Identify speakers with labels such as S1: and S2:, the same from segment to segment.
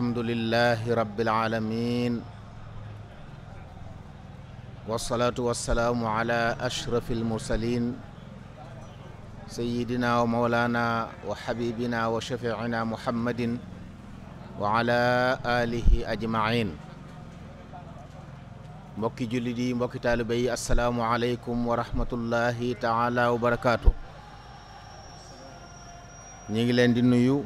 S1: alhamdulillahi rabbil aalamiin wassalaatu wassalaamu ala ashrafil mursaliin sayyidina wa mawlaana wa xabibina wa shafiicina muhammadin wa ala aalihi ajmaciin mbokki jullit yi mbokki taaliba yi assalaamu aleykum wa rahmatullahi taala wa barakaatu ñu ngi leen di nuyu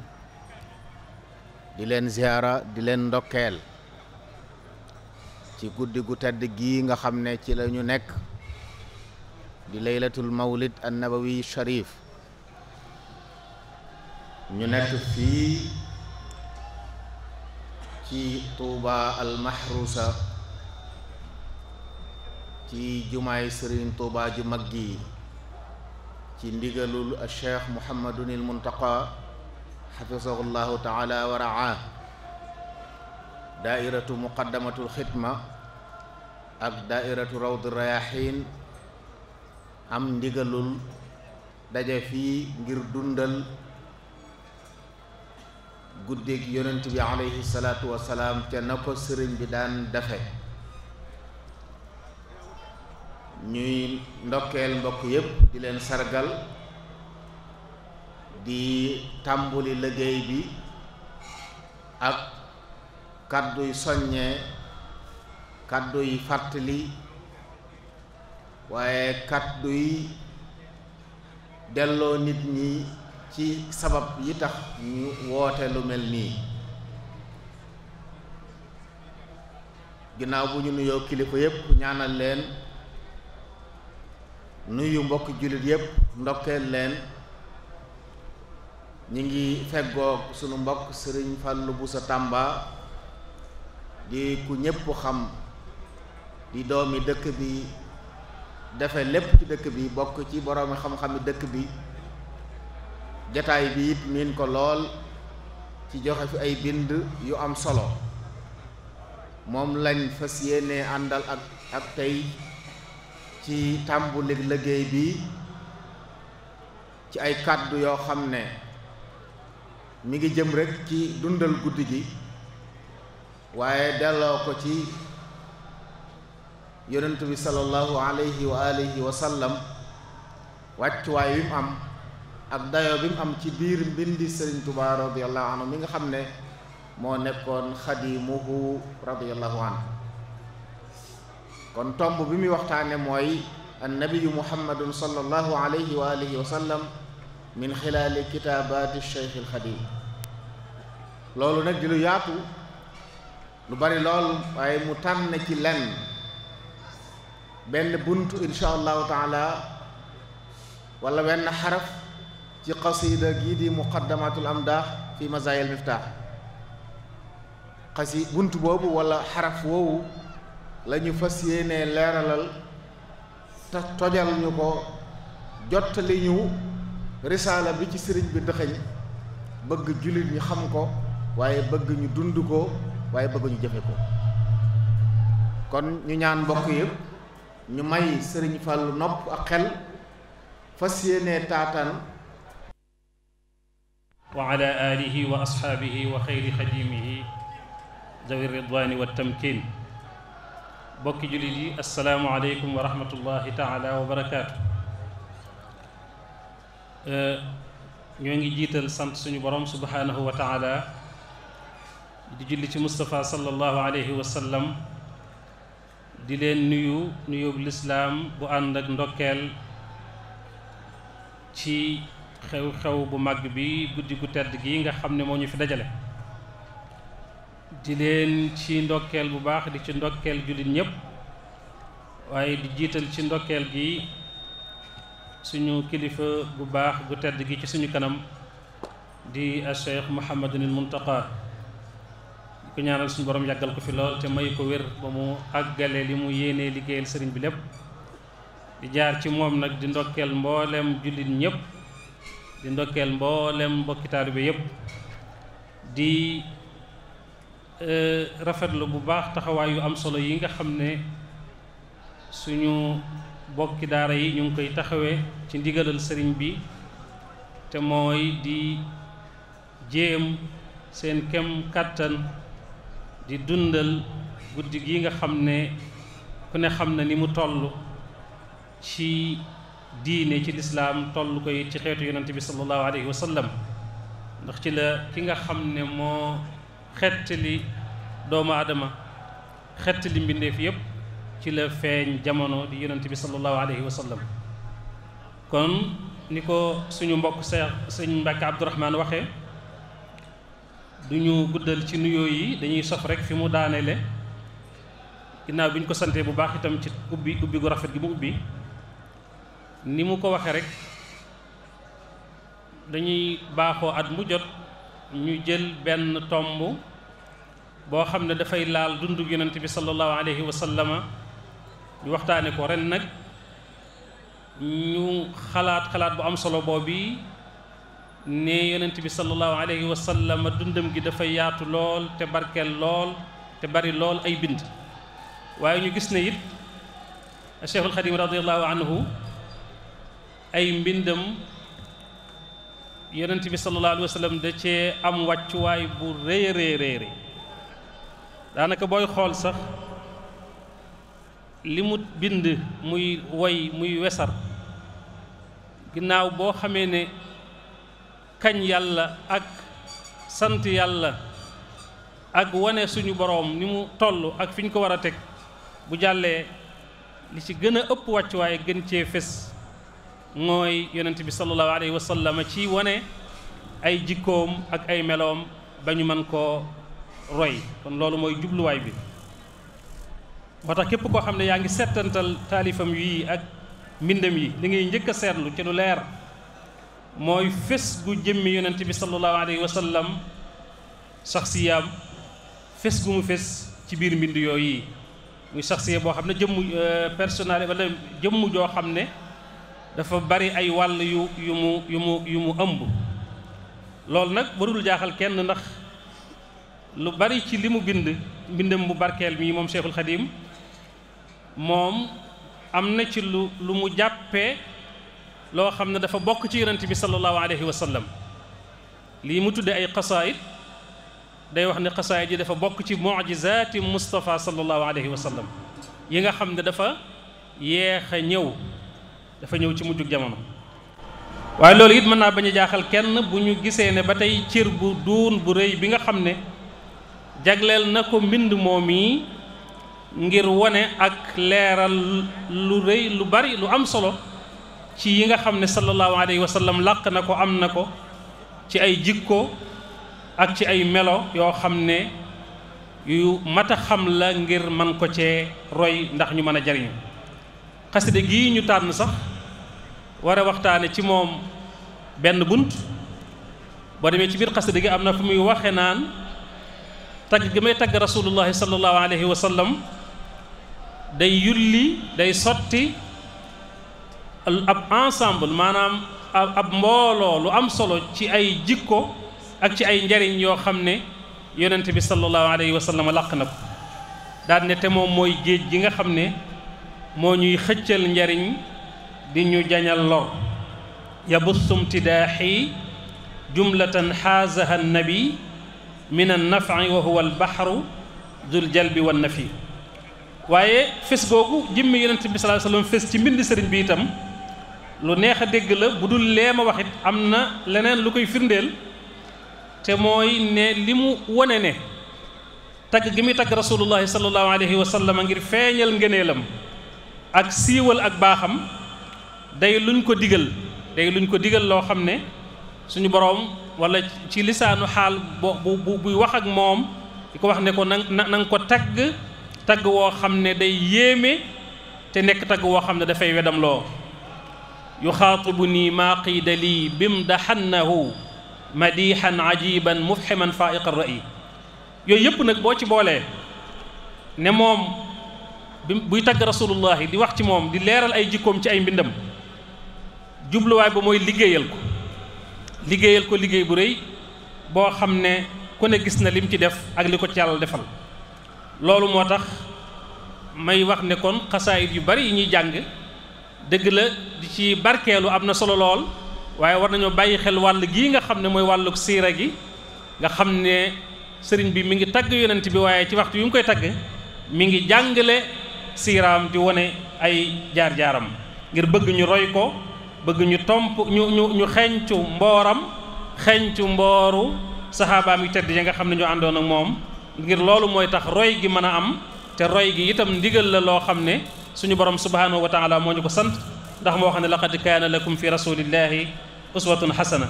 S1: di leen ziara di leen ndokkeel ci guddi gu tedd gii nga xam ne ci la ñu nekk di laylatul mawlid annabawi sharif ñu nekk fii ci tuuba almahrusa ci jumaay sëriñ tuuba ju mag gi ci ndigalul cheikh muhammadunil muntaqa xafisahu llahu taala wa raah daairatu muqaddamatul xidma ak daairatu rayaxiin am ndigalul daje fii ngir dundal guddeeg yonent bi aleyhi salaatu wasalaam ca na ko sëriñ bi daan dafe ñuy ndokkeel mbokk yépp di leen sargal di tàmbuli liggéey bi ak kàdduy soññee kàdduy fàttali waaye kàdduy delloo nit ñi ci sabab yi tax ñu woote lu mel nii ginnaaw bu ñu nuyoo kilifa yépp ñaanal leen nuyu mbokk jullit yépp ndokkeel leen ñi ngi feggoog sunu mbokk sëriñ Fàllu bu sa Tàmba di ku ñépp xam di doomi dëkk bi defe lépp ci dëkk bi bokk ci boroomi xam-xami dëkk bi jataay bi it miin ko lool ci joxe fi ay bind yu am solo moom lañ fas yéene àndal ak tey ci tàmbuli liggéey bi ci ay kàddu yoo xam ne mi ngi jëm rekk ci dundal guddi gi waaye delloo ko ci yonent bi sallallahu alayhi wa alihi wa sallam wàccuwaay bi mu am ak dayoo bi mu am ci biir mbindi Sëriñ Tuubaa radiyallahu anhu mi nga xam ne moo nekkoon xadimuhu radiyallahu anhu kon tomb bi muy waxtaane mooy annabiyu muhammadun sallallahu alayhi wa alihi wa sallam min xilaali kitaabaati Cheikh loolu nag di lu yaatu lu bari lool waaye mu tànn ci lenn benn bunt insha allahu taala wala wenn xaraf ci qasida gi di muqaddamatul amdaax fi mazaayil miftaax xasi bunt boobu walla xaraf woowu la ñu fas yéenee leeralal te tojal ñu ko jottali risaala bi ci sëriñ bi dëxëñ bëgg jullit ñu xam ko waaye bëgg ñu dund ko waaye bëgg ñu jëfe ko kon ñu ñaan mbokk yëpp ñu may sëriñ Fallu nopp ak xel fas yéene taataan wa ala
S2: alihi wa ashaabihi wa xayri xadimihi dawi ridwaani wa tamkin bokki jullit yi asalaamu aleykum wa rahmatullahi taala wa barakaatu Euh, ñoo ngi jiital sant suñu boroom subhaanahu wa taala di julli ci mustafaa sallallahu wa sallam di leen nuyu nuyub lislaam bu ànd ak ndokkeel ci xew-xew bu mag bi guddi gu tedd gi nga xam ne moo ñu fi dajale di leen ci ndokkeel bu baax di ci ndokkeel jullit ñépp waaye di jiital ci ndokkeel gi suñu kilifa bu baax gu tedd gi ci suñu kanam di Cheikh Mouhamadinil Muntaqa di ko ñaanal suñu borom yàggal ko fi lool te may ko wér ba mu àggale li mu yéenee liggéeyal sëriñ bi lépp di jaar ci moom nag di ndokkeel mboolem jullit ñëpp di ndokkeel mboolem mbokki taalibe yépp di e, rafetlu bu baax taxawaay yu am solo yi nga xam ne suñu bokki daara yi ñu ngi koy taxawee ci ndigalal sëriñ bi te mooy di jéem seen kem kàttan di dundal guddi gi nga xam ne ku ne xam na ni mu tollu ci diine ci lislaam toll koy ci xeetu yonante bi sallallahu alayhi wa ndax ci la ki nga xam ne moo xettali doomu aadama xettali mbindeef yépp ci la feeñ jamono di yonent bi sallallahu alayhi wa sallam kon ni ko suñu mbokk seex sëñ Mbàkke Abdourahman waxe du ñu guddal ci nuyoo yi dañuy sof rek fi mu daaneele ginnaaw bi ñu ko santee bu baax itam ci ubbi ubbi gu rafet gi mu ubbi ni mu ko waxee rek dañuy baaxoo at mu jot ñu jël benn tomb boo xam ne dafay laal dundu yonent bi sallallahu alayhi wa sallama ñu waxtaane ko ren nag ñu xalaat xalaat bu am solo boobu ne yonent bi sallallahu alayhi wa sallam dundam gi dafa yaatu lool te barkeel lool te bari lool ay bind waaye ñu gis ne it Cheikhul Xadim radiallahu ay mbindam yonent bi sallallahu alayhi wa sallam cee am wàccuwaay bu rëy rëy daanaka booy xool sax li mu bind muy woy muy wesar ginnaaw boo xamee ne kañ yàlla ak sant yàlla ak wane suñu boroom ni mu toll ak fi ñu ko war a teg bu jàllee li ci gën a ëpp wàccuwaay gën cee fes mooy yonent bi sallallahu alayhi wa sallam ci wane ay jikkoom ak ay meloom ba ñu mën koo roy kon loolu mooy jubluwaay bi moo tax képp koo xam ne yaa ngi settantal taalifam yii ak mbindam yi li ngay njëkk a seetlu ci lu leer mooy fés gu jëmmi yonent bi sallallahu alayhi wa sallam saxsiyaam fés gu mu fés ci biir mbind yooyu yi muy saxsiya boo xam ne jëmm euh, personnel wala jëmm joo xam ne dafa bari ay wàll yu yu mu yu mu yu mu ëmb loolu nag warul jaaxal kenn ndax lu bari ci li mu bind mbindam bu barkeel mii moom Cheikhul Khadim moom am na ci lu lu mu jàppee loo xam ne dafa bokk ci yonent bi sallallahu alayhi wa lii mu tuddee ay xasaayid day wax ne xasaayid yi dafa bokk ci mujizaati Moustapha sallallahu alayhi wa sallam yi nga xam ne dafa yeex a ñëw dafa ñëw ci mujjug jamono. waaye loolu it mën naa bañ a jaaxal kenn bu ñu gisee ne ba tey cër bu duun bu rëy bi nga xam ne jagleel na ko mbind moom yi ngir wone ak leeral lu rëy lu bari lu am solo ci yi nga xam ne sallallahu alayhi wa sallam làq na ko am na ko ci ay jikko ak ci ay melo yoo xam ne yu mat a xam la ngir man ko cee roy ndax ñu mën a jariñu xasida gi ñu tànn sax war a waxtaane ci moom benn bunt boo demee ci biir xasida gi am na fu muy waxe naan tagg gi may tagg rasulullahi sallallahu alayhi wa sallam day yulli day sotti ab ensemble maanaam ab mbooloo lu am solo ci ay jikko ak ci ay njariñ yoo xam ne yonent bi sallallahu alayhi wa sallam làq na ko ne te moom mooy géej gi nga xam ne moo ñuy xëccal njariñ di ñu jañal lor yabusum tidaaxi jumlatan xaazaha nabi min an nafi wa huwa al baxru dul jalbi wan nafi waaye fés googu jëmmi yonent bi sallallahu alayhi wasallam ci mbind sëriñ bi itam lu neex a dégg la bu dul lee ma wax it am na leneen lu koy firndeel te mooy ne li mu wone ne tagg gi muy tagg rasulullahi sallallahu alayhi sallam ngir feeñal ngëneelam ak siiwal ak baaxam day luñ ko digal day luñ ko digal loo xam ne suñu boroom walla ci lisaanu xaal bu buy wax ak moom di ko wax ne ko na na ko tagg tagg woo xam ne day yéeme te nekk tagg woo xam ne dafay wedam loo yuxaatibu nii maa qiida lii bimdaxannahu madiixan ajiban mufximan faayiqa ra'yi yooyu yëpp nag boo ci boolee ne moom bi buy tagg rasulullahi di wax ci moom di leeral ay jikkoom ci ay mbindam jubluwaay ba mooy liggéeyal ko liggéeyal ko liggéey bu rëy boo xam ne ku ne gis na lim ci def ak li ko ci defal loolu moo tax may wax ne kon xasaayit yu bari yi ñuy jàng dëgg la di ci barkeelu am na solo lool waaye war nañoo bàyyi xel wàll gii nga xam ne mooy wàlluk siira gi nga xam ne sëriñ bi mi ngi tagg yonent bi waaye ci waxtu yu mu koy tagg mi ngi jàngale siiraam di wone ay jaar-jaaram ngir bëgg ñu roy ko bëgg ñu tomp ñu ñu ñu xeeñcu mbooram xeeñcu mbooru saxaabaam yu tedd ya nga xam ne ñu àndoon ak moom ngir loolu mooy tax roy gi mën a am te roy gi itam ndigal la loo xam ne suñu borom subhanahu wa taala moo ñu ko sant ndax moo xam ne laqad kaana lakum fi rasulillahi uswatun xasana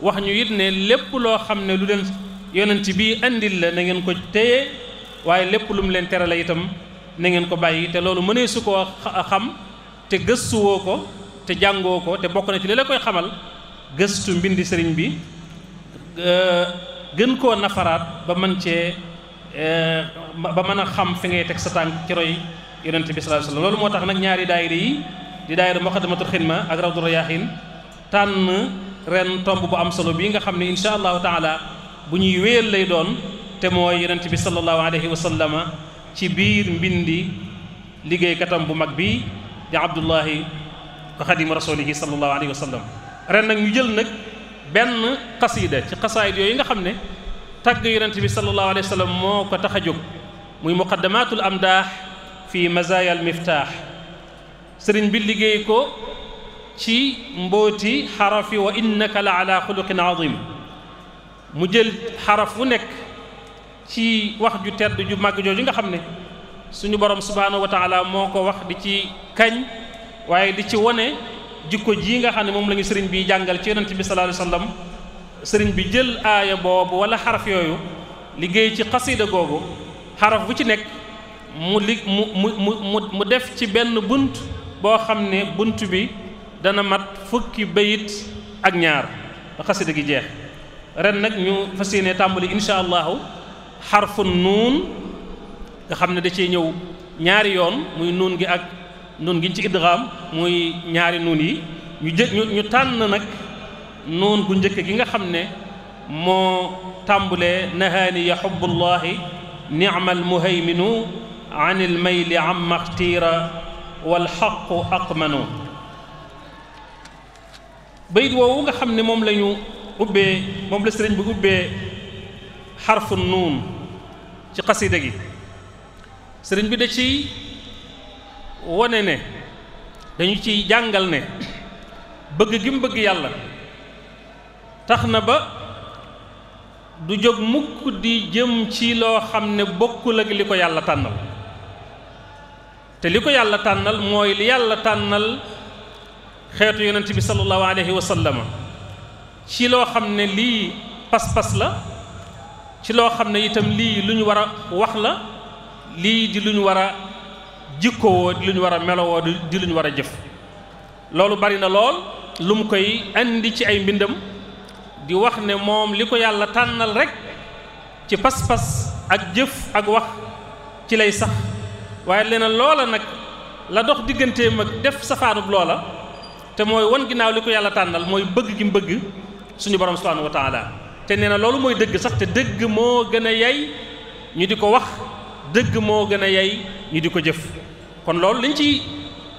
S2: wax ñu it ne lépp loo xam ne lu leen yonent bii indi la na ngeen ko téye waaye lépp lu mu leen tere la itam na ngeen ko bàyyi te loolu mënee su koo xam te gëstuwoo ko te jàngoo ko te bokk na ci li la koy xamal gëstu mbindi sëriñ bi euh, gën koo nafaraat ba mën cee Eh, ba mën a xam fi ngay teg sa tànk ci roy yonent bi sallallahu alayhi moo tax nag ñaari daayira yi di daayira Muqaddamatul Xidma ak Rawdu Rayaahin tànn ren tomb bu am solo bii nga xam ne insha allahu taala bu ñuy wéyal lay doon te mooy yonent bi sallallahu alayhi wasallama ci biir mbindi liggéeykatam bu mag bi di Abdullahi wa xadimu rasulihi sallallahu alayhi wa sallam ren nag ñu jël nag benn xasiida ci xasaayid yooyu nga xam ne tagg yonent bi sallallahu alayhi wa moo ko tax a jóg muy muqaddamatul amdaax fi mazaya al sëriñ bi liggéey ko ci mbóoti xarafi wa innaka la ala xuluqin azim jël xaraf wu nekk ci wax ju tedd ju màgg jooju nga xam ne suñu borom subhaanahu wa moo ko wax di ci kañ waaye di ci wone jikko jii nga xam ne moom la ñu sëriñ bi jàngal ci yonent bi sallallahu alayhi sëriñ bi jël aaya boobu wala xaraf yooyu liggéey ci xasida googu xaraf bu ci nekk mu li mu mu mu mu def ci benn bunt boo xam ne bunt bi dana mat fukki bayit ak ñaar ba xasida gi jeex ren nag ñu fas yéene tàmbali insha allahu xarfu nuun nga xam ne da cee ñëw ñaari yoon muy nuun gi ak nuun gi ci idgham muy ñaari nuun yi ñu jë ñu tànn nag noon gu njëkk gi nga xam ne moo tàmbulee nahaani ya xubbullahi niamal muhayminu an il mayli amma xtiira walxaqu aqmanu nga xam ne moom la ñu ubbee moom la sëriñ bi ubbee xarfu nuun ci xasida gi sëriñ bi da ciy wone ne dañu ciy jàngal ne bëgg gi mu bëgg yàlla tax na ba du jóg mukk di jëm ci loo xam ne bokkul ak li ko yàlla tànnal te li ko yàlla tànnal mooy li yàlla tànnal xeetu yonent bi sallallahu alayhi wa ci loo xam ne lii pas-pas la ci loo xam ne itam lii lu ñu war a wax la lii di lu ñu war a jikkowoo di lu ñu war a melowoo di lu ñu war a jëf loolu bari na lool lu mu koy indi ci ay mbindam di wax ne moom li ko yàlla tànnal rek ci pas-pas ak jëf ak wax ci lay sax waaye leneen loola nag la dox digganteem ak def safaanub loola te mooy wan ginnaaw li ko yàlla tànnal mooy bëgg gi mu suñu borom subhaanahu wa taala te nee na loolu mooy dëgg sax te dëgg moo gën a yay ñu di ko wax dëgg moo gën a yay ñu di ko jëf kon loolu liñ ci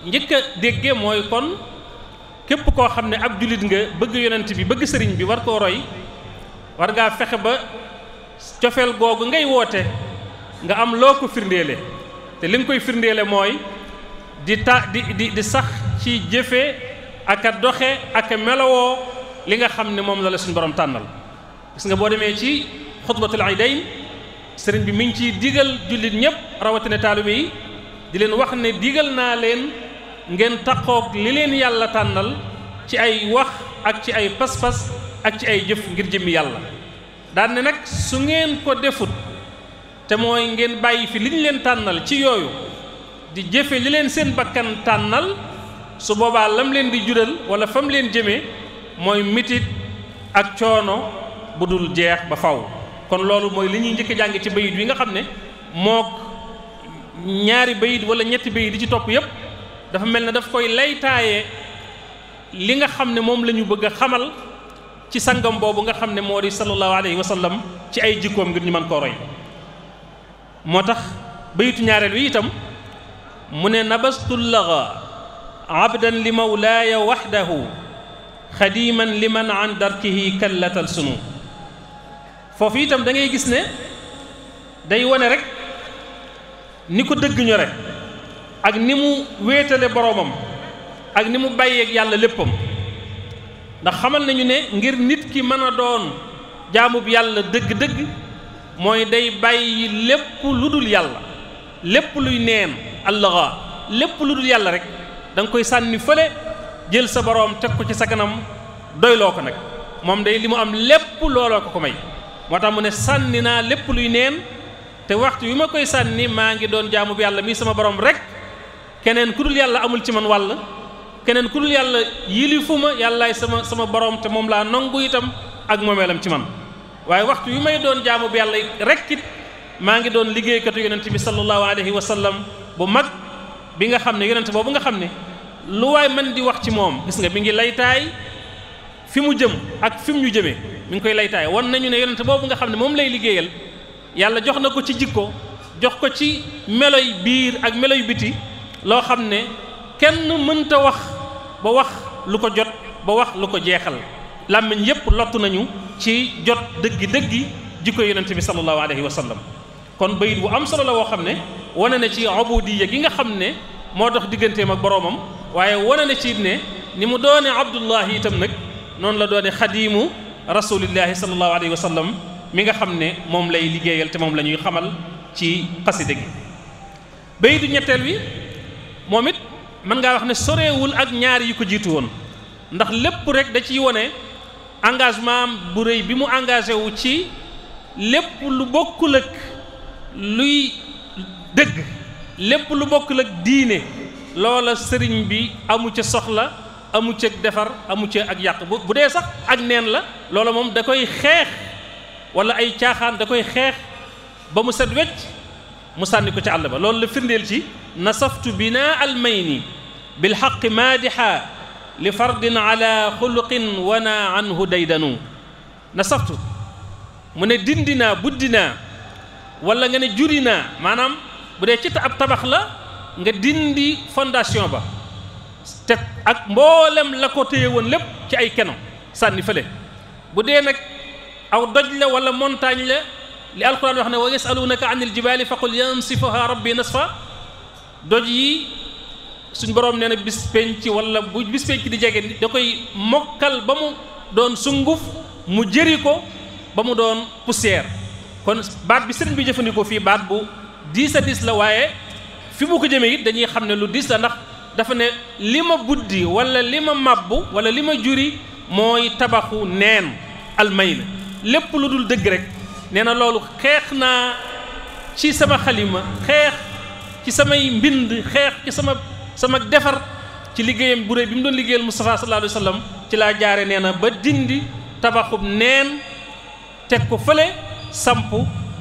S2: njëkk a déggee mooy kon képp koo xam ne ab jullit nga bëgg yonent bi bëgg sëriñ bi war koo roy war fexe ba cofeel googu ngay woote nga am loo ko firndeele te li nga koy firndeele mooy di ta di di sax ci jëfe ak a doxe ak a melowoo li nga xam ne moom la la suñu borom tànnal gis nga boo demee ci xutbatul idayn sëriñ bi mu ngi ciy digal jullit ñëpp rawatina taalibe yi di leen wax ne digal naa leen ngeen taqoog li leen yàlla tànnal ci ay wax ak ci ay pas-pas ak ci ay jëf ngir jëmmi yàlla daan nag su ngeen ko defut te mooy ngeen bàyyi fi li ñu leen tànnal ci yooyu di jëfe li leen seen bakkan tànnal su boobaa lam leen di jural wala fam leen jëmee mooy mitit ak coono bu dul jeex ba faw kon loolu mooy li ñuy njëkk jàng ci bayit wi nga xam ne mook ñaari bayit wala ñetti bayit di ci topp yépp dafa mel ne daf koy laytaaye li nga xam ne moom lañu bëgg a xamal ci sangam boobu nga xam ne moo di sallallahu alayhi wa sallam ci ay jikkoom ngir ñu man koo roy moo tax bayitu ñaareelu wi itam mu ne nabastu laga abdan li mawlaaya waxdahu xadiman liman an darkihi kallatal sunu foofu itam dangay gis ne day wone rek ni ko dëgg ñore ak ni mu wéetale boroomam ak ni mu bàyyeeg yàlla léppam ndax xamal nañu ne ngir nit ki mën a doon jaamub yàlla dëgg-dëgg mooy day bàyyi lépp lu dul yàlla lépp luy neen allaha lépp lu dul yàlla rek da koy sànni fële jël sa borom teg ko ci sa kanam doyloo ko nag moom day li mu am lépp looloo ko ko may moo tax mu ne sànni naa lépp luy neen te waxtu wi ma koy sànni maa ngi doon jaamub yàlla mii sama borom rek keneen ku dul yàlla amul ci man wàll keneen ku dul yàlla yilifu ma yàllaay sama sama borom te moom laa nangu itam ak moomeelam ci man waaye waxtu yu may doon jaamu bi yàlla rekk it maa ngi doon liggéeykatu yonent bi sallallahu alayhi wa sallam bu mag bi nga xam ne yonent boobu nga xam ne lu waay mën di wax ci moom gis nga mi ngi laytaay fi mu jëm ak fi mu ñu jëmee mi ngi koy laytaay wan nañu ne yonent boobu nga xam ne moom lay liggéeyal yàlla jox na ko ci jikko jox ko ci meloy biir ak meloy biti loo xam ne kenn mënta wax ba wax lu ko jot ba wax lu ko jeexal làmmiñ yépp lottu nañu ci jot dëggi-dëggi jikko yonente bi sallallahu alayhi wa sallam kon bayit bu am solo la woo xam ne wane na ci ubudiya gi nga xam ne moo dox digganteem ak boroomam waaye wane na ci ne ni mu doone abdullahi itam nag noonu la doone xadiimu rasulillahi sallallahu alayhi wa sallam mi nga xam ne moom lay liggéeyal te moom la ñuy xamal ci xasida gi bayitu ñetteel wi moom it mën ngaa wax ne soreewul ak ñaar yi ko jiitu woon ndax lépp rek da ciy wone engagement bu rëy bi mu engagé wu ci lépp lu bokkul ak luy dëgg lépp lu bokk ak diine loola sëriñ bi amu ca soxla amu ca defar amu ca ak yàq bu dee sax ak neen la loola moom da koy xeex wala ay caaxaan da koy xeex ba mu set wecc mu sànni ko ci àll ba loolu la firndeel ci nasaftu binaa almayni bilxaqi maadixa li fardin ala xuluqin wana danu daydanu nasaftu mu ne dindinaa buddinaa wala nga ne jurinaa maanaam bu dee ci ab tabax la nga dindi fondation ba te ak mboolem la ko téye woon lépp ci ay keno sànni fële bu dee nag aw doj la wala montagne la li alquran wax ne wa yasalunaka anil jibaali faqul yansifuha rabbi nasfa doj yi suñ boroom nee na bis penc wala bu bis penc di jege da koy mokkal ba mu doon sunguf mu jëri ko ba mu doon poussière kon baat bi sëriñ bi jëfandikoo fii baat bu diis a diis la waaye fi mu ko jëmee it dañuy xam ne lu diis la ndax dafa ne li ma buddi wala li ma màbbu wala li ma juri mooy tabaxu neen almayna lépp lu dul dëgg rek nee na loolu xeex naa ci sama xalima xeex ci samay mbind xeex ci sama sama defar ci liggéeyam bu réy bi mu doon liggéeyal Moustapha sallallahu alayhi wa sallam ci laa jaare nee na ba dindi tabaxub neen teg ko fële samp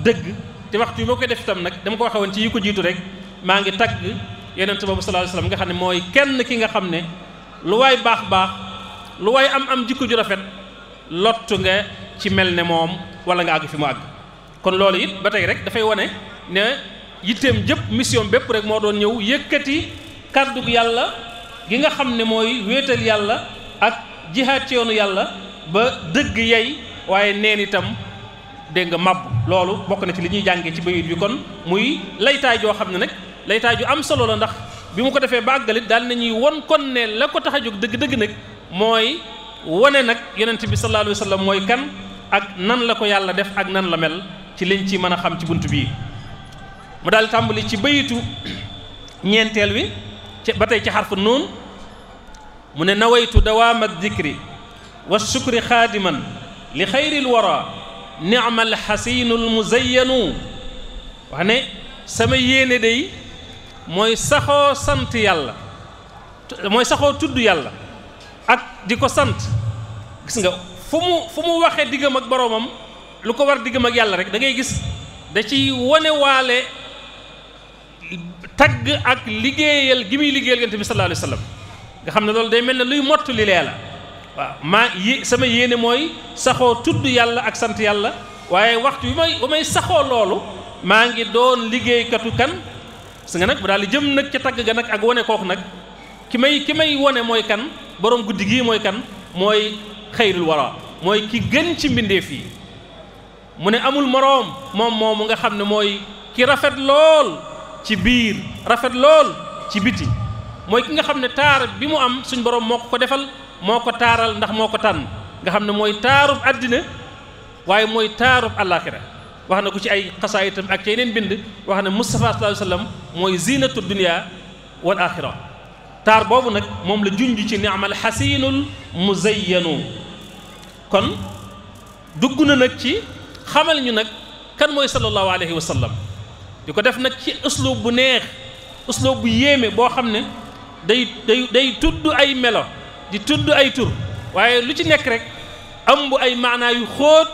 S2: dëgg te waxtu yi moo koy def itam nag dama ko waxe woon ci yi ko jiitu rek maa ngi tagg yonent boobu sallallahu alayhi wa sallam nga xam ne mooy kenn ki nga xam ne lu waay baax baax lu waay am am jikko ju rafet lottu nga ci mel ne moom wala nga àgg fi mu àgg kon loolu it ba tey rek dafay wane ne yitteem jëpp mission bépp rek moo doon ñëw yëkkati kàddu yàlla gi nga xam ne mooy wéetal yàlla ak jihaat ci yoonu yàlla ba dëgg yay waaye neen itam dégg nga màbb loolu bokk na ci li ñuy jàngee ci bayit bi kon muy laytaay joo xam ne nag laytaay ju am solo la ndax bi mu ko defee ba àggalit daal nañuy won kon ne la ko tax a jóg dëgg-dëgg nag mooy wane nag yonent bi sallallahu alayhi wa mooy kan ak nan la ko yàlla def ak nan la mel ci liñ ci mën a xam ci bunt bii mu daal tàmbali ci bayitu ñeenteel wi ci ba ci xarfu nuun mu ne nawaytu dawaama dikri wa sukri xaadiman li xayril wara nicma alxasinul muzayanu wax ne sama yéene day mooy saxoo sant yàlla mooy saxoo tudd yàlla ak di ko sant gis nga fu mu fu mu waxee diggam ak boroomam lu ko war diggam ak yàlla rek da ngay gis da ci wane waale tagg ak liggéeyal gi muy liggéeyal yonent bi sallallahu alayhi wa ne loolu day mel ne luy mottu li lee la yi sama yéene mooy saxoo tudd yàlla ak sant yàlla waaye waxtu bi may saxoo loolu maa ngi doon liggéeykatu kan su nga nag bu daal di jëm nag ca tagg ga nag ak wone kooku nag ki may ki may wane mooy kan boroom guddi gii mooy kan mooy xayrul wara mooy ki gën ci mbindeef fii mu ne amul moroom moom moomu nga xam ne mooy ki rafet lool ci biir rafet lool ci biti mooy ki nga xam ne taar bi mu am suñ borom moo ko ko defal moo ko taaral ndax moo ko tànn nga xam ne mooy taarub àddina waaye mooy taarub àllaaxira wax na ko ci ay xasaayitam ak yeneen bind wax ne Mustafa sallallahu alayhi wa sallam mooy ziinatu dunya wal aaxira taar boobu nag moom la junj ci ni'mal xasiinul muzayyanu kon dugg na nag ci xamal ñu nag kan mooy sallallahu alayhi wa sallam di ko def nag ci uslub bu neex uslub bu yéeme boo xam ne day day day tudd ay melo di tudd ay tur waaye lu ci nekk rek am ay maanaa yu xóot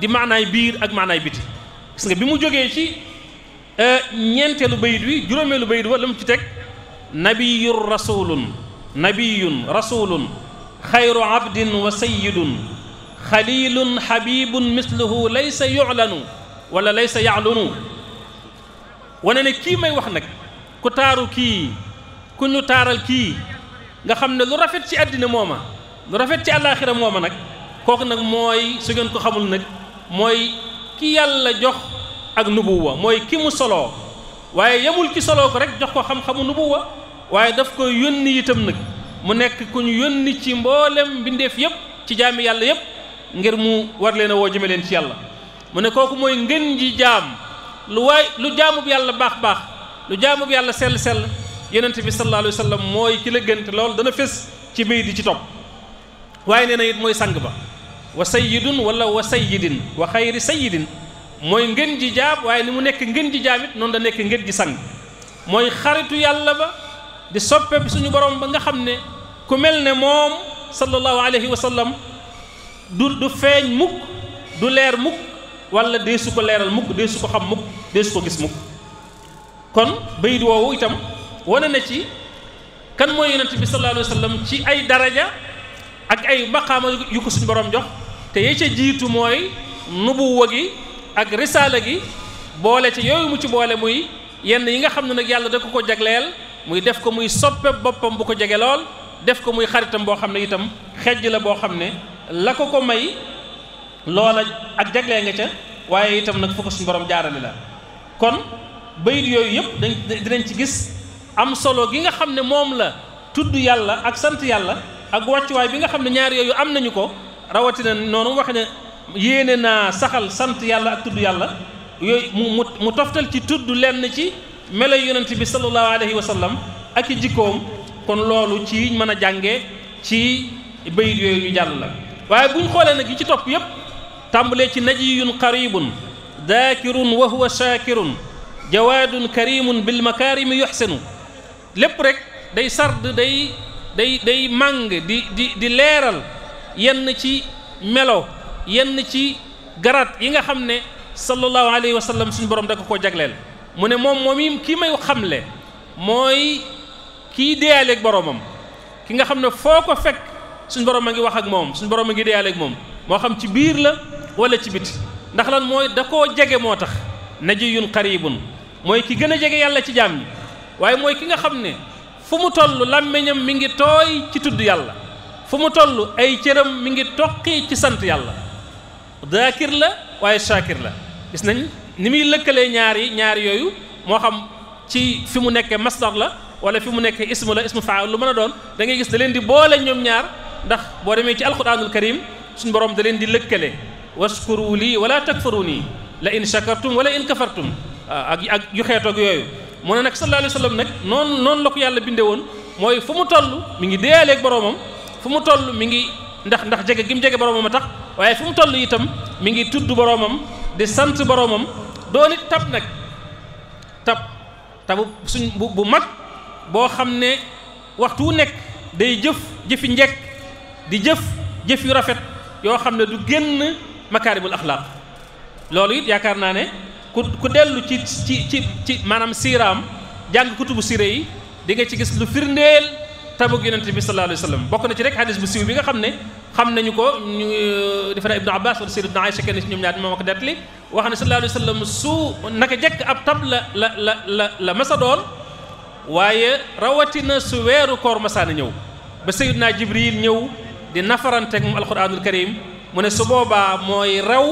S2: di maanaay biir ak maanaay biti gis nga bi mu jógee ci eh, ñeenteelu bayit wi juróomeelu bayit wa la mu ci teg nabiyun rasulun nabiyun rasulun xayru abdin wa sayyidun xalilun xabibun misluhu laysa yuclanu wala laysa yaclunu wane ne kii may wax nag ku taaru kii ku ñu taaral kii nga xam ne lu rafet ci àddina mooma lu rafet ci àllaaxira mooma nag kooku nag mooy su ngeen ko xamul nag mooy ki yàlla jox ak nubuwa mooy ki mu soloo waaye yemul ci solo ko rek jox ko xam-xamu wa waaye daf ko yónni itam nag mu nekk ku ñu yónni ci mboolem mbindeef yëpp ci jaami yàlla yëpp ngir mu war leen a woo jëme leen ci yàlla mu ne kooku mooy ngën ji jaam lu waay lu jaamub yàlla baax baax lu jaamub yàlla sell sell yonent bi sallallahu alayhi wa sallam mooy ki la gënt lool dana fés ci bii di ci topp waaye nee na it mooy sang ba wa sayyidun wala wa sayyidin wa xayri sayyidin mooy ngën ji jaam waaye ni mu nekk ngën ji jaam it noonu da nekk ngën ji sang mooy xaritu yàlla ba di soppe bi suñu borom ba nga xam ne ku mel ne moom sallallahu alayhi wa sallam du du feeñ mukk du leer mukk walla dee su ko leeral mukk dee ko xam mukk dee su ko gis mukk kon bayit woowu itam wane na ci kan mooy yonent bi sallallahu alayhi wa ci ay daraja ak ay maqaama yu ko suñu borom jox te yee ca jiitu mooy nubuwa gi ak risaala gi boole ci yooyu mu ci boole muy yenn yi nga xam ne nag yàlla da ko ko jagleel muy def ko muy soppe boppam bu ko jege lool def ko muy xaritam boo xam ne itam xejj la boo xam ne la ko ko may loola ak jagleel nga ca waaye itam nag fu ko suñu borom jaarale la kon bayit yooyu yëpp dinañ ci gis am solo gi nga xam ne moom la tudd yàlla ak sant yàlla ak wàccuwaay bi nga xam ne ñaar yooyu am nañu ko rawatina noonu wax ne yéene naa saxal sant yàlla ak tudd yàlla yooyu mu mu toftal ci tudd lenn ci melo yonent bi sallallahu alayhi wa sallam ak i jikkoom kon loolu ci mën a jànge ci bayit yooyu ñu jàll la waaye buñ xoolee nag yi ci topp yépp tàmbalee ci najiyun qaribun daakirun wa huwa shaakirun jawaadun karimun bil makaarimi yuxsinu lépp rek day sard day day day màng di di di leeral yenn ci melo yenn ci garaat yi nga xam ne sallallahu alayhi wa sallam suñu borom da ko koo jagleel mu ne moom moom i kii may xamle mooy kii deeyaaleeg boromam ki nga xam ne foo ko fekk suñu borom a ngi wax ak moom suñu borom a ngi deeyaaleeg moom moo xam ci biir la wala ci biti ndax lan mooy da koo jege moo tax najiyun qaribun mooy ki gën a jege yàlla ci jaam ñi waaye mooy ki nga xam ne fu mu toll làmmiñam mi ngi tooy ci tudd yàlla fu mu toll ay cëram mi ngi toqi ci sant yàlla daakir la waaye shaakir la gis nañ ni muy lëkkalee ñaari yi ñaar yooyu moo xam ci fi mu nekkee masdar la wala fi mu nekkee ismu la ismu faal lu man a doon da ngay gis da leen di boole ñoom ñaar ndax boo demee ci alquranul karim suñu borom da leen di lëkkale waskuru lii wala takfaru nii la in shakartum wala in kafartum ak ak yu xeetoog yooyu moo ne nag sallallahu la wa sallam nag noonu noonu la yàlla bindee woon mooy fu mu toll mi ngi deealeeg boroomam fu mu toll mi ngi ndax ndax jege gi mu jege boroomam a tax waaye fu mu toll itam mi ngi tudd boroomam di sant boroomam doon it tab nag tab tabu suñ bu bu mag boo xam ne waxtu wu nekk day jëf jëfi njekk di jëf jëf yu rafet yoo xam ne du génn makaarimul axlaaq loolu it yaakaar naa ne ku ku dellu ci ci ci ci maanaam siiraam jàng kutubu sire yi di nga ci gis lu firndeel tabug yonente bi sallallahu alayhi wa sallam bokk na ci rek hadis bu siiw bi nga xam ne xam nañu ko ñu euh, defe naa ibnu abbas wala sayyid ibnu aisha kenn si ñoom ñaar moom ak dettali wax ne sallallahu alayhi wa sallam su jekk ab tab la la la la la masa doon waaye rawatina su weeru koor masaana ñëw ba sayyidna jibril ñëw di nafaranteeg moom alquranul karim mu ne su boobaa mooy raw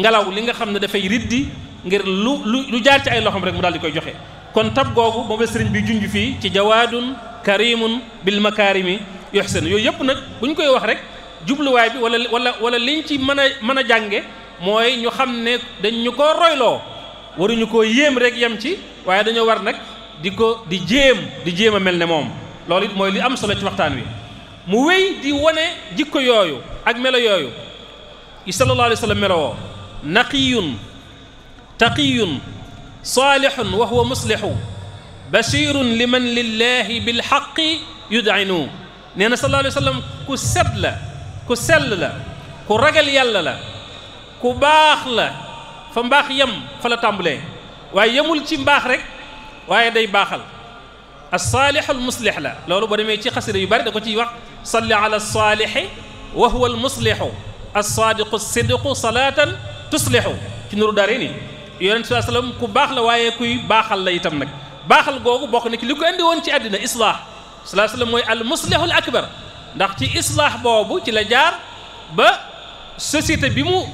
S2: ngelaw li nga xam ne dafay riddi ngir lu lu lu jaar ci ay loxoom rek mu daal di koy joxe kon tab googu moom la sëriñ bi junj fii ci jawaadun karimun bil makarimi yuhsan yooyu yëpp nag bu ñu koy wax rek jubluwaay bi wala walla wala liñ ci mën a mën a jànge mooy ñu xam ne dañ ñu koo royloo waruñu ko yéem rek yem ci waaye dañoo war nag di ko di jéem di jéem a mel ne moom loolu it mooy li am solo ci waxtaan wi mu wéy di wane jikko yooyu ak melo yooyu yi sallallahu alayhi wa sallam melowoo naqiyun taqiyun saalihun wa huwa muslihu bashirun liman lillahi bilxaqi yudinu nee na sallallahu alayhi wa sallam ku set la ku sell la ku ragal yàlla la ku baax la fa mbaax yem fala la waaye yamul ci mbaax rek waaye day baaxal alsaalixu almuslix la loolu boo demee ci xasida yu bari da ko ciy wax salli ala alsaalixi wa huwa almuslixu alsaadiqu sidqu salaatan tuslixu ci nuru dare ni yonente saa sallam ku baax la waaye kuy baaxal la itam nag baaxal googu bokk na ci li ko indi woon ci àddina islaax salaa sallam mooy almuslixu al akbar ndax ci islaax boobu ci la jaar ba société bi mu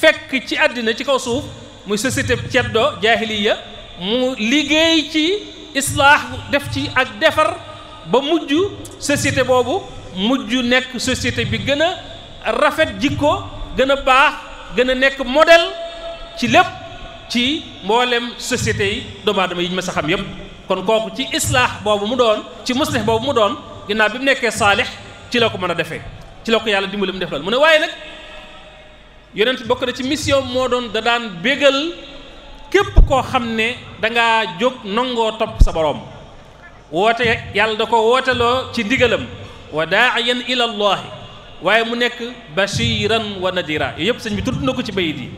S2: fekk ci àddina ci kaw suuf muy société ceddo jaahiliya mu liggéey ci islaax def ci ak defar ba mujj société boobu mujj nekk société bi gën a rafet jikko gën a baax gën a nekk model ci lépp ci mboolem société yi doomu aadama yi ñu ma sa xam yépp kon kooku ci islaax boobu mu doon ci muslih boobu mu doon ginnaaw bi mu nekkee saalix ci la ko mën a defee ci la ko yàlla dimbali mu def loolu mu ne waaye nag yonent bokk na ci mission moo doon da daan bégal képp koo xam ne dangaa jóg nongoo topp sa boroom woote yàlla da ko wooteloo ci ndigalam wa daa daaiyan yenn llahi waaye mu nekk bashiran wa nadira yooyu yëpp sëñ bi tudd na ko ci bayit yi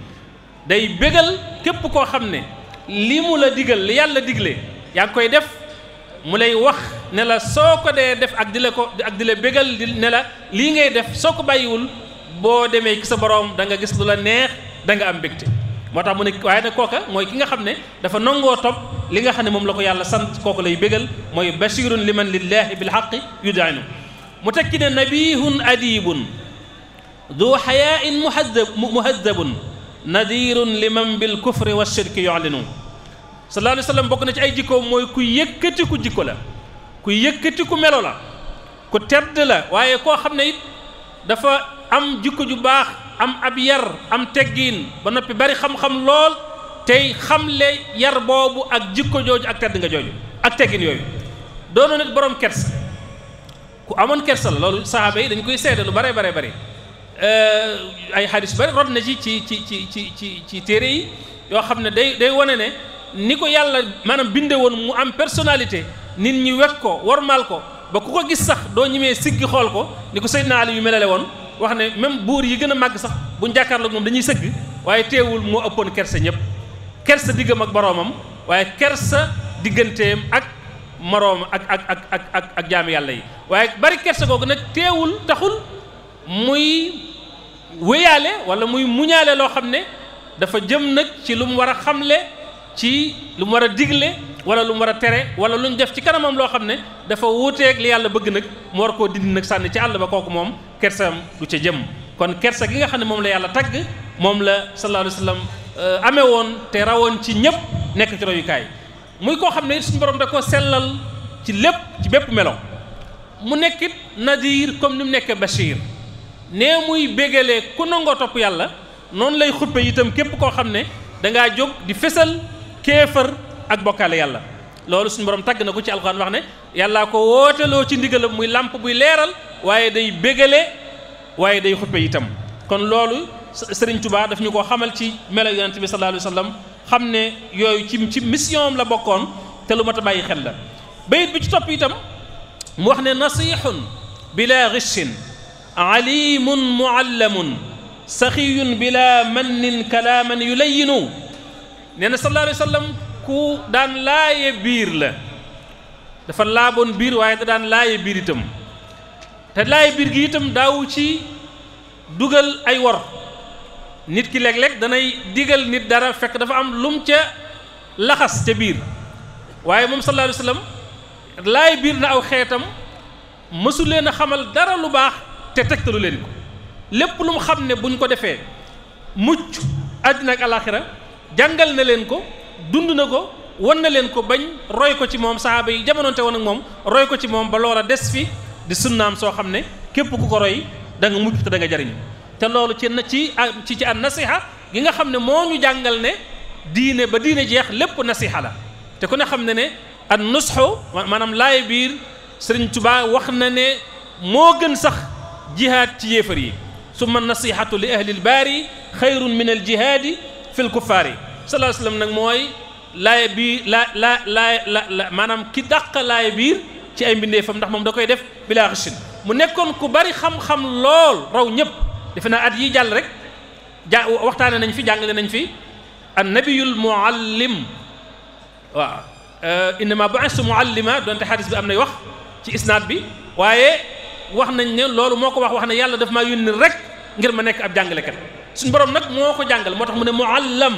S2: day bégal képp koo xam ne li mu la digal li yàlla digle yaa ngi koy def mu lay wax ne la soo ko dee def ak di la ko ak di la bégal di ne la lii ngay def soo ko bàyyiwul boo demee ki sa boroom da nga gis lu la neex da nga am mbégte moo tax mu ne waaye nag kooka mooy ki nga xam ne dafa nangoo topp li nga xam ne moom la ko yàlla sant kooku lay bégal mooy bashirun liman lillahi bilxaqi yudaanu mu tekki ne nabihun adibun du xayaain muhaddab muhaddabun nadirun liman bilkufri walshirki noonu sallallahu alayhi wa bokk na ci ay jikkoom mooy ku yëkkati ku jikko la ku yëkkati ku melo la ku tedd la waaye koo xam ne it dafa am jikko ju baax am ab yar am teggiin ba noppi bari xam-xam lool tey xamle yar boobu ak jikko jooju ak tedd nga jooju ak teggin yooyu doonoon nit borom kersa ku amoon kersa la loolu sahaaba yi dañ koy seede lu bare bari bare ay xadis bari rod na ci ci ci ci ci ci téere yi yoo xam ne day day wane ne ni ko yàlla maanaam binde woon mu am personnalité nit ñi wekk ko wormaal ko ba ku ko gis sax doo ñemee siggi xool ko ni ko Seydina Ali yu melale woon wax ne même buur yi gën a màgg sax buñ jàkkaarloog moom dañuy sëgg waaye teewul moo ëppoon kersa ñëpp kersa diggam ak boroomam waaye kersa digganteem ak moroom ak ak ak ak ak yàlla yi waaye bari kersa googu nag teewul taxul muy wéyaale wala muy muñaale loo xam ne dafa jëm nag ci lu mu war a xamle ci lu mu war a digle wala lu mu war a tere wala lu ñu def ci kanamam loo xam ne dafa wuuteeg li yàlla bëgg nag mu war koo dindi nag sànni ci àll ba kooku moom kersam du ca jëm kon kersa gi nga xam ne moom la yàlla tagg moom la sallallahu alayhi euh, amee woon te rawoon ci ñëpp nekk ci royukaay muy koo xam ne suñu borom da koo sellal ci lépp ci bépp melo mu nekkit nadir comme ni mu nekkee bashir nee muy bégalee ku nangoo topp yàlla noonu lay xuppe itam képp koo xam ne kéefër ak bokkaale yàlla loolu suñu borom tagg na ko ci alxuraan wax ne yàllaa ko wooteloo ci ndigalam muy làmp buy leeral waaye day bégale waaye day xuppe itam kon loolu Sëriñ Tuubaa daf ñu ko xamal ci melo yonent bi sallallahu alayhi xam ne yooyu ci ci mission la bokkoon te lu mat a bàyyi xel la bayit bi ci topp itam mu wax ne nasihun bila gishin alimun muallamun saxiyun bila mannin kalaaman yulayinu nee na sallallahu alayhi wa sallam ku daan laaye biir la dafa laaboon biir waaye da daan laaye biir itam te laaye biir gi itam daawu ci dugal ay wor nit ki léeg lekk danay digal nit dara fekk dafa am lum ca laxas ca biir waaye moom sallallahu alayhi wa sallam laay biir na aw xeetam mësu xamal dara lu baax te tegtalu leen ko lépp lum xam ne buñ ko defee mucc àddina ak alaxira jàngal na leen ko dund na ko wan na leen ko bañ roy ko ci moom saxaaba yi jamonoonte woon ak moom roy ko ci moom ba loola des fi di sunnaam soo xam ne képp ku ko roy danga nga mujj te da nga jariñ te loolu ci ci ci ci an nasiha gi nga xam ne moo ñu jàngal ne diine ba diine jeex lépp nasiha la te ku ne xam ne ne an nusxu maanaam laay biir Sëriñ Tuubaa wax na ne moo gën sax jihaad ci yéefar yi su summa nasihatu li ahlil baari xayrun min al jihaadi fil kuffaar yi sallallahu nag mooy laay bii laa laa laay la maanaam ki dàq laay biir ci ay mbindeefam ndax moom da koy def bilaa xishin mu nekkoon ku bari xam-xam lool raw ñëpp defe na at yi jàll rek ja waxtaane nañ fi jàngale nañ fi an nabiyul muallim waaw euh, innama bu'ithtu muallima donte xadis bi am nay wax ci isnaad bi waaye wax nañ ne loolu moo ko wax wax ne yàlla daf maa yónni rek ngir ma nekk ab jàngalekat suñ boroom nag moo ko jàngal moo tax mu ne muallam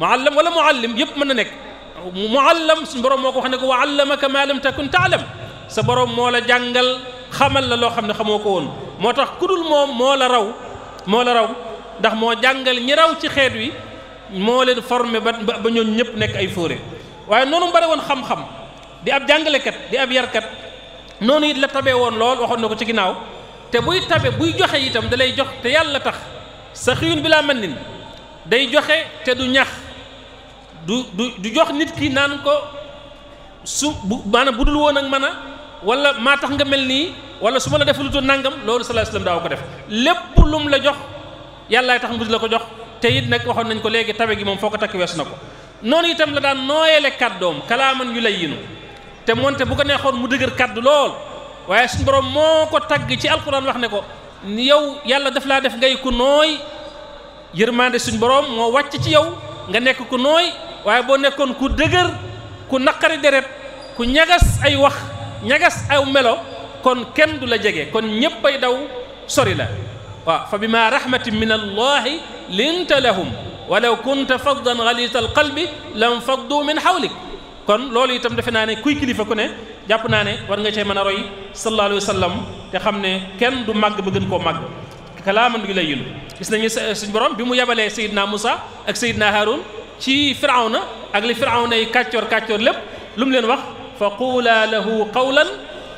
S2: muallam wala muallim yëpp mën na nekk muallam suñu borom moo ko wax ne ko wa allamaka ma lam takun taalam sa boroom moo la jàngal xamal la loo xam ne xamoo ko woon moo tax ku dul moom moo la raw moo la raw ndax moo jàngal ñi raw ci xeet wi moo leen forme ba ba ñoom ñëpp nekk ay fóore waaye noonu bare woon xam-xam di ab jàngalekat di ab yarkat noonu yit la tabee woon lool waxoon na ko ci ginnaaw te buy tabe buy joxe itam da lay jox te yàlla tax saxiyun bi laa mën nin day joxe te du ñax du du du jox nit kii naan ko su bu maanaam bu dul woon ak mën a wala maa tax nga mel nii wala su ma la defalutoon nangam loolu sa alayhi wasallam daaw ko def lépp lum la jox yàllaay tax mu di la ko jox te it nag waxoon nañ ko léegi tabe gi moom foo ko takk wees na ko noonu itam la daan nooyele doom kalaaman yu lay yinu te moonte bu ko neexoon mu dëgër kàddu lool waaye suñu boroom moo ko tagg ci alquran wax ne ko yow yàlla def laa def ngay ku nooy yërmande suñ boroom moo wàcc ci yow nga nekk ku nooy waaye boo nekkoon ku dëgër ku naqari deret ku ñagas ay wax ñagas ay melo kon kenn du la jege kon ñépp ay daw sori la waaw fa bima rahmatin min allahi linta lahum walaw kunta faddan galita al qalbi lam faddu min hawlik kon loolu itam defe naa ne kuy kilifa ko ne jàpp naa ne war nga cee mën a roy sallallahu alayhi wa te xam ne kenn du magg ba gën koo màgg kalaaman yu lay yinu gis nañu suñ borom bi mu yebalee Seydina Moussa ak Seydina Haroun ci firawna ak li firawna yi kàccoor kàccoor lépp lu mu leen wax fa quula lahu qawlan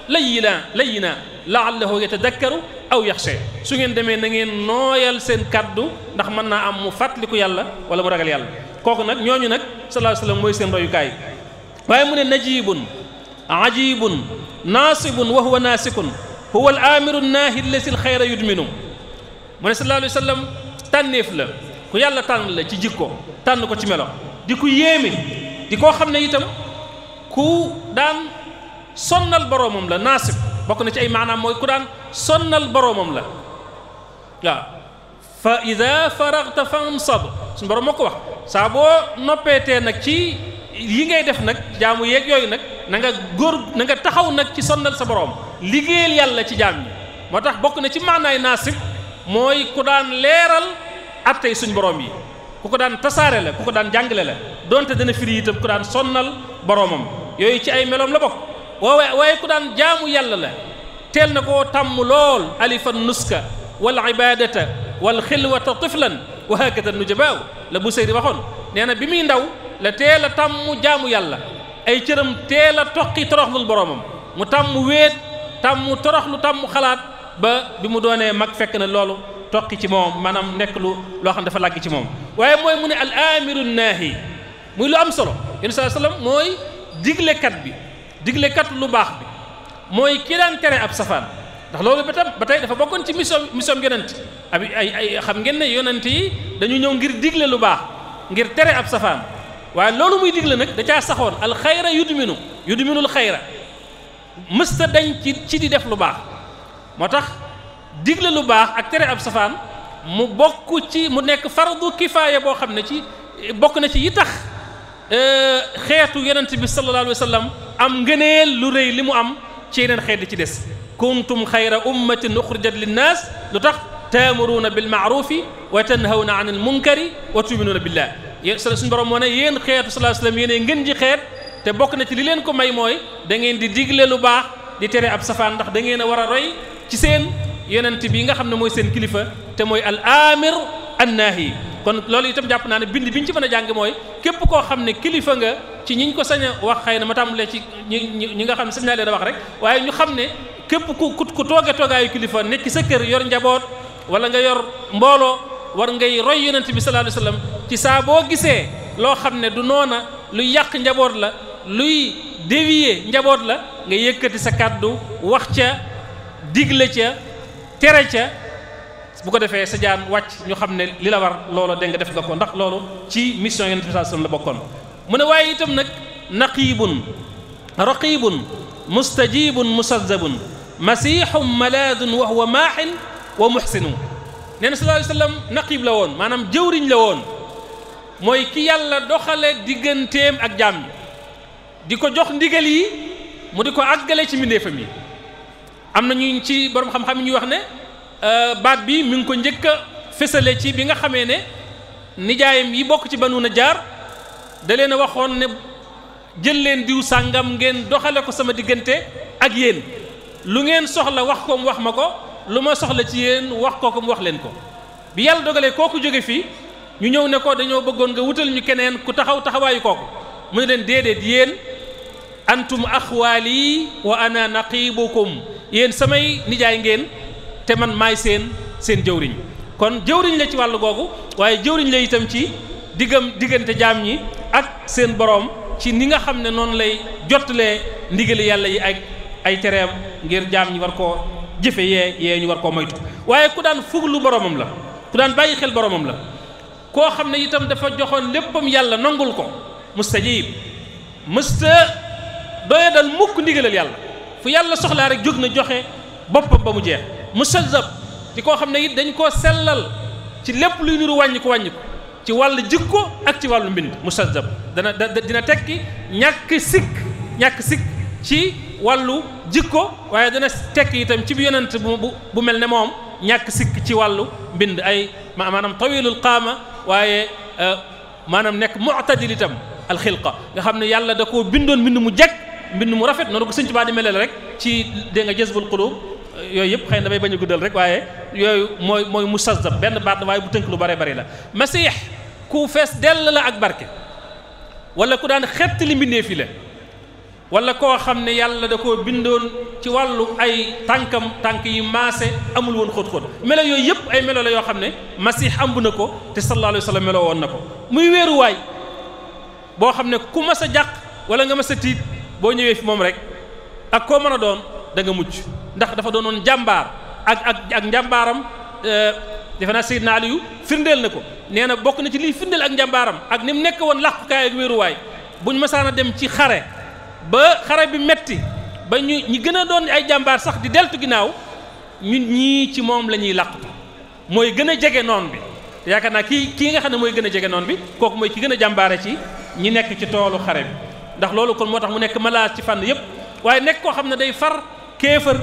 S2: layyina layyina la'allahu yatadakkaru aw yaxsha su ngeen demee na ngeen nooyal seen kàddu ndax mën naa am mu fàttaliku yàlla wala mu ragal yàlla kooku nag ñooñu nag sallallahu alayhi wasallam mooy seen royukaay mu ne najibun ajibun naasibun wa huwa naasikun huwa al amiru naahi lasil xayra yudminu mu ne sallallahu alayhi wa sallam tànneef la ku yàlla tànn la ci jikko tànn ko ci melo di ku yéeme di koo xam ne itam ku daan sonnal boroomam la naasib bokk na ci ay maanaam mooy ku daan sonnal boroomam la waaw fa ida faragta fansab suñu boroom moo ko wax saa boo noppeetee nag ci yi ngay def nag jaamu yeeg yooyu nag na nga góor na nga taxaw nag ci sonnal sa boroom liggéeyal yàlla ci jaam ñi moo tax bokk na ci maanaay naasib mooy ku daan leeral attey suñ boroom yi ku ko daan tasaare la ku ko daan jàngale la donte dana firi itam ku daan sonnal boromam yooyu ci ay meloom la bokk waaye way ku daan jaamu yàlla la teel na koo tàmm lool alifan nuska wal ibadata wal xilwata tiflan wa hakata nujabaaw la bu seyri waxoon nee na bi muy ndaw la teel a tàmm jaamu yàlla ay cëram teel a toqi toroxlul boromam mu tàmm tàmm toroxlu tàmm xalaat ba bi mu doonee mag fekk na loolu toqi ci moom maanaam nekk lu loo xam ne dafa làgg ci moom waaye mooy mu ne al amiru naahi muy lu am solo sa saa sallam mooy diglekat bi diglekat lu baax bi mooy ki daan tere ab safaan ndax loolu ba ba tey dafa bokkoon ci mission mission yonent ab ay ay xam ngeen ne yonent yi dañu ñëw ngir digle lu baax ngir tere ab safaan waaye loolu muy digle nag da caa saxoon al xayra yudminu yudminul xayra mësta dañ ci ci di def lu baax moo tax digle lu baax ak tere ab safaan mu bokk ci mu nekk fardu kifaaya boo xam ne ci bokk na ci yi tax euh, xeetu yonent bi sallallahu alayhi wa sallam am ngëneel lu rëy li mu am ci yeneen xeet di ci des kuntum xayra ummatin uxrijat linnaas lu tax taamuruuna bil maarufi wa tanhawna an al munkari wa tuminuuna billah suñu borom moo ne yéen xeetu sallallahu alayhi wa sallam yéenay ngën ji xeet te bokk na ci li leen ko may mooy da ngeen di digle lu baax di tere ab safaan ndax da ngeen a war a roy ci seen yonent bi nga xam ne mooy seen kilifa te mooy al amir an naahi kon loolu itam jàpp naa ne bind bi ñu ci mën a jàng mooy képp koo xam ne kilifa nga ci ñiñ ko sañ wax xëy na ma tàmbalee ci ñi ñi nga xam ne sañ naa leen a wax rek waaye ñu xam ne képp ku ku tooge toogaayu kilifa nekk ci sa kër yor njaboot wala nga yor mbooloo war ngay roy yonent bi sallallahu alayhi wasallam ci saa boo gisee loo xam ne du noona lu yàq njaboot la luy dévier njaboot la nga yëkkati sa kàddu wax ca digle ca tere ca bu ko defee sa jaan wàcc ñu xam ne li la war loola dégg nga def nga ko ndax loolu ci mission yonent bi sallallahu alayhi wasallam la bokkoon mu ne waaye itam nag naqibun raqibun mustajibun musazzabun masihum malaadun wa huwa maaxin wa muxsinu nee na sallallahu alayhi wasallam naqib la woon maanaam jëwriñ la woon mooy kii yàlla doxale digganteem ak jaam bi di ko jox ndigal yi mu di ko àggale ci mbindeefam yi am na ñu ci borom xam-xam yi ñuy wax ne euh, baat bi mi ngi ko njëkk a fësale ci bi nga xamee ne nijaayam yi bokk ci banu Najjaar da leen a waxoon ne jël leen diw sàngam ngeen doxale ko sama diggante ak yéen lu ngeen soxla wax ko mu wax ma ko lu ma soxla ci yéen wax koo ko mu wax leen ko bi yàlla dogalee kooku jóge fii ñu ñëw ne ko dañoo bëggoon nga wutal ñu keneen ku taxaw taxawaayu kooku mu ne leen déedéet yéen antum axwaali wa ana naqibukum yéen samay nijaay ngeen te man maay seen seen jëwriñ kon jëwriñ la ci wàllu googu waaye jëwriñ la itam ci diggam diggante jaam yi ak seen boroom ci ni nga xam ne noonu lay jotle ndigali yàlla yi ak ay tereem ngir jaam ñi war koo jëfe yee yee ñu war koo moytu waaye ku daan fuglu boromam la ku daan bàyyi xel boromam la koo xam ne itam dafa joxoon léppam yàlla nangul ko mustajib mësta doya dal mukk ndigalal yàlla fu yàlla soxlaa rek jóg na joxe boppam ba mu jeex musalzab di koo xam ne it dañ koo sellal ci lépp luy nuru wàññi ko wàññi ci wàllu jikko ak ci wàllu mbind musalzab dana dina tekki ñàkk sikk ñàkk sikk ci wàllu jikko waaye dana tekki itam ci bi yonent bu mel ne moom ñàkk sikk ci wàllu mbind ay maa maanaam tawilul qaama waaye euh, maanaam nekk mu'tadil itam alxilqa nga xam ne yàlla da koo bindoon mbind mu jekk mbind mu rafet noonu ko sëñ baa di meleel rek ci dégg nga Jazbul yooyu yëpp xëy na damay bañ a guddal rek waaye yooyu mooy mooy musazzab benn baat waaye bu tënk lu bare bari la masiix ku fees dell la ak barke wala ku daan xett li mbindee fi la wala koo xam ne yàlla da koo bindoon ci wàllu ay tànkam tànk yi maase amul woon xóot-xóot melo yooyu yëpp ay melo la yoo xam ne masiix ambu na ko te sallallahu alayhi wa woon na ko muy wéeruwaay boo ne ku mas a wala nga mas a tiit boo ñëwee fi moom rek ak koo mën a doon danga mujj ndax dafa doonoon jàmbaar ak ak ak njàmbaaram euh, defe naa Seydina Aliyu firndeel na ko nee na bokk na ci liy firndeel ak njàmbaaram ak ni mu nekk woon làqukaay ak wéeruwaay buñ mësaan a dem ci xare ba xare bi metti ba ñu ñi gën a doon ay jàmbaar sax di deltu ginnaaw ñun ñii ci moom lañuy ñuy mooy gën a jege noon bi yaakaar naa kii kii nga xam ne mooy gën a jege noon bi kooku mooy ki gën a jàmbaare ci ñi nekk ci toolu xare bi ndax loolu kon moo tax mu nekk malaas ci fànn yépp waaye nekk koo xam ne day far kéefër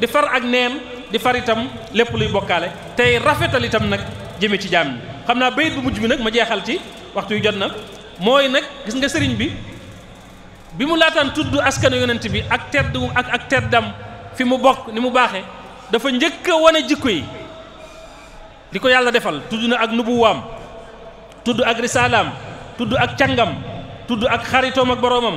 S2: di far ak neen di far itam lépp luy bokkaale tey rafetal itam nag jëme ci jaam ñi xam naa bayit bu mujj bi nag ma jeexal ci waxtu yu jot na mooy nag gis nga sëriñ bi bi mu laataan tudd askanu yonent bi ak tedd ak ak teddam fi mu bokk ni mu baaxee dafa njëkk a wane jikko yi di ko yàlla defal tudd na ak nubuwaam tudd ak risaalaam tudd ak càngam tudd ak xaritoom ak boroomam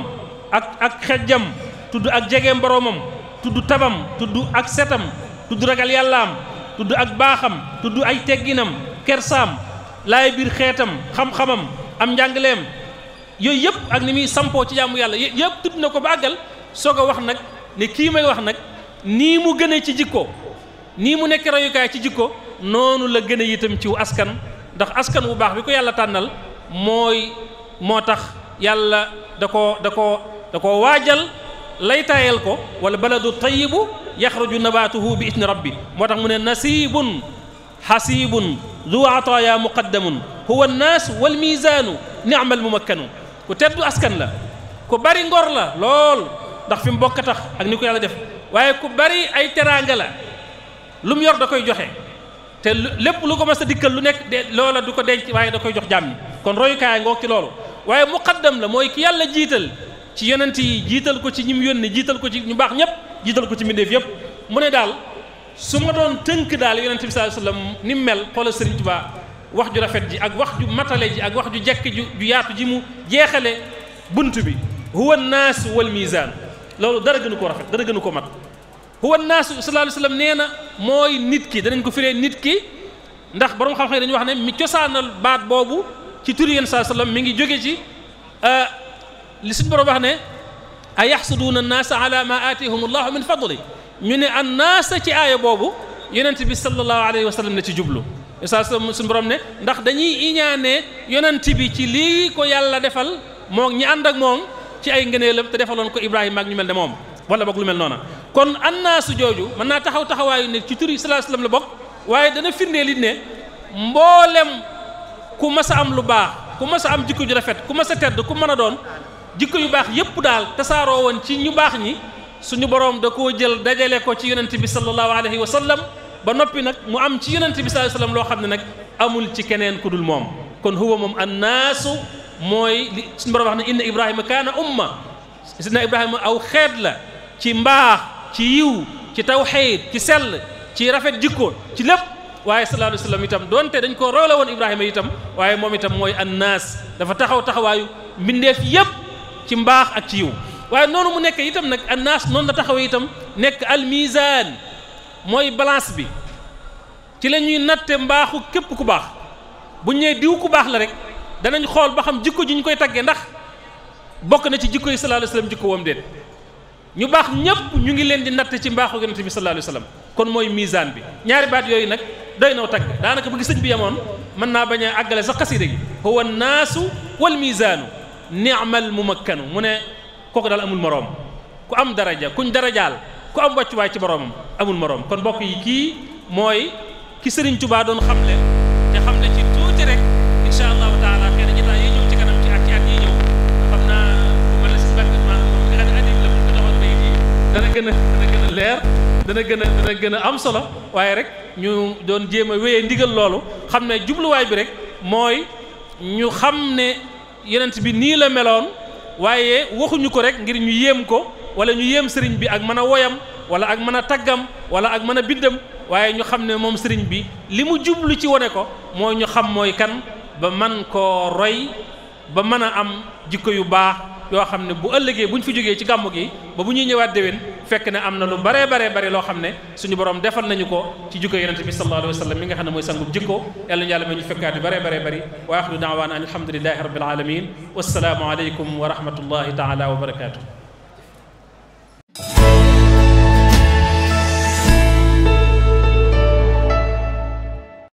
S2: ak ak xejjam tudd ak jegeem boroomam tudd tabam tudd ak setam tudd ragal yàllaam tudd ak baaxam tudd ay tegginam kersaam laay biir xeetam xam-xamam am njàngaleem yooyu yëpp ak ni muy sampoo ci jaamu yàlla yëpp tudd na ko ba àggal soog a wax nag ne kii may wax nag nii mu gënee ci jikko nii mu nekk rayukaay ci jikko noonu la gën a itam ciw askan ndax askan wu baax bi ko yàlla tànnal mooy moo tax yàlla da ko da koo da koo waajal laytaayal ko wala baladu tayibu yaxruju nabaatuhu bi idni rabbi moo tax mu ne nasibun xasibun du ataaya muqaddamun huwa annaas wal miizaanu ni'mal mumakkanu ku teddu askan la ko bari ngor la lool ndax fi mu bokk tax ak ni ko yàlla def waaye ku bari ay teraanga la lu mu yor da koy joxe te lépp lu ko mas a dikkal lu nekk de loola du ko denc waaye da koy jox jàmm kon royukaay ngoog ci loolu waaye muqaddam la mooy ki yàlla jiital ci yonent yi jiital ko ci ñi mu yónni jiital ko ci ñu baax ñëpp jiital ko ci mbindeef yëpp mu ne daal su ma doon tënk daal yonent bi sallallahu alayhi wasallam ni mu mel xoola Sëriñ Tuubaa wax ju rafet ji ak wax ju matale ji ak wax ju jekk ju ju yaatu ji mu jeexale bunt bi huwa naas wal mizaan loolu dara gënu ko rafet dara gënu ko mat huwa naas sallallahu alayhi wasallam nee na mooy nit ki danañ ko firee nit ki ndax borom xam-xam dañu wax ne mi cosaanal baat boobu ci turi yéen saa sallam mi ngi jóge ci euh, li suñ borom wax ne a yaxsuduuna annaasa ala ma aatihum allahu min fadli ñu ne annaasa ci aaya boobu yonent bi sallallahu alayhi wa sallam ne ci jublu saa sallam suñ borom ne ndax dañuy iñaanee yonent bi ci lii ko yàlla defal moom ñi ànd ak moom ci ay ngëneelam te defaloon ko ibrahima ak ñu mel ne moom wala boog lu mel noona kon annaasu jooju mën naa taxaw taxawaayu ne ci turi sallallahu alayhi wa sallam la bokk waaye dana firndeel it ne mboolem ku mas a am lu baax ku mas a am jikko ju rafet ku mas a tedd ku mën a doon jikko yu baax yépp daal tasaaroo woon ci ñu baax ñi suñu boroom da koo jël dajale ko ci yonent bi sallallahu alayhi wa sallam ba noppi nag mu am ci yonent bi sallallahu alayhi sallam loo xam ne nag amul ci keneen ku dul moom kon huwa moom annaasu mooy li suñu boroom wax ne inna ibrahima kaana umma sidna ibrahima aw xeet la ci mbaax ci yiw ci tawxiid ci sell ci rafet jikko ci waaye sallallahu alayhi wa sallam itam donte dañ ko roole woon Ibrahima itam waaye moom itam mooy annaas dafa taxaw taxawaayu mbindeef yëpp ci mbaax ak ci yiw waaye noonu mu nekk itam nag annaas noonu la taxawee itam nekk almizaan mooy balance bi ci lañuy natte mbaaxu képp ku baax bu ñëwee diw ku baax la rek danañ xool ba xam jikko ji ñu koy taggee ndax bokk na ci jikko yi sallallahu alayhi wa sallam jikko wam déet ñu baax ñëpp ñu ngi leen di natt ci mbaaxu yonent bi sallallahu alayhi wa sallam bi ñaari baat yooyu nag doy naw tagg daanaka bu gi sëñ bi yemoon mën naa bañ a àggale sax xasida gi huwa naasu wal miizaanu ni'mal mumakkanu mu ne kooku daal amul moroom ku am daraja kuñ darajaal ku am wàccuwaay ci boroomam amul moroom kon mbokk yi kii mooy ki Sëriñ Tubaa doon xamle xam gën a leer dana gën a gën a am solo waaye rek ñu doon jéem a wéyee ndigal loolu xam ne jubluwaay bi rek mooy ñu xam ne yenent bi nii la meloon waaye waxuñu ko rek ngir ñu yéem ko wala ñu yéem sëriñ bi ak mën a woyam wala ak mën a taggam wala ak mën a bindam waaye ñu xam ne moom sëriñ bi li mu jublu ci wane ko mooy ñu xam mooy kan ba mën koo roy ba mën a am jikko yu baax yoo xam ne bu ëllëgee bu ñu fi jógee ci gàmmu gi ba bu ñuy ñëwaat déwén fekk ne am na lu baree baree bare loo xam ne suñu borom defal nañu ko ci jikko yonente bi sallallahu alayhi wa sallam mi nga xam ne mooy sangub jikko yàlla ñu yàlla ma ñu fekkaat yu baree baree bari wa axiru daawaana an alhamdulilahi rabbil alamin wassalaamu aleykum wa rahmatullahi taala wa barakatuh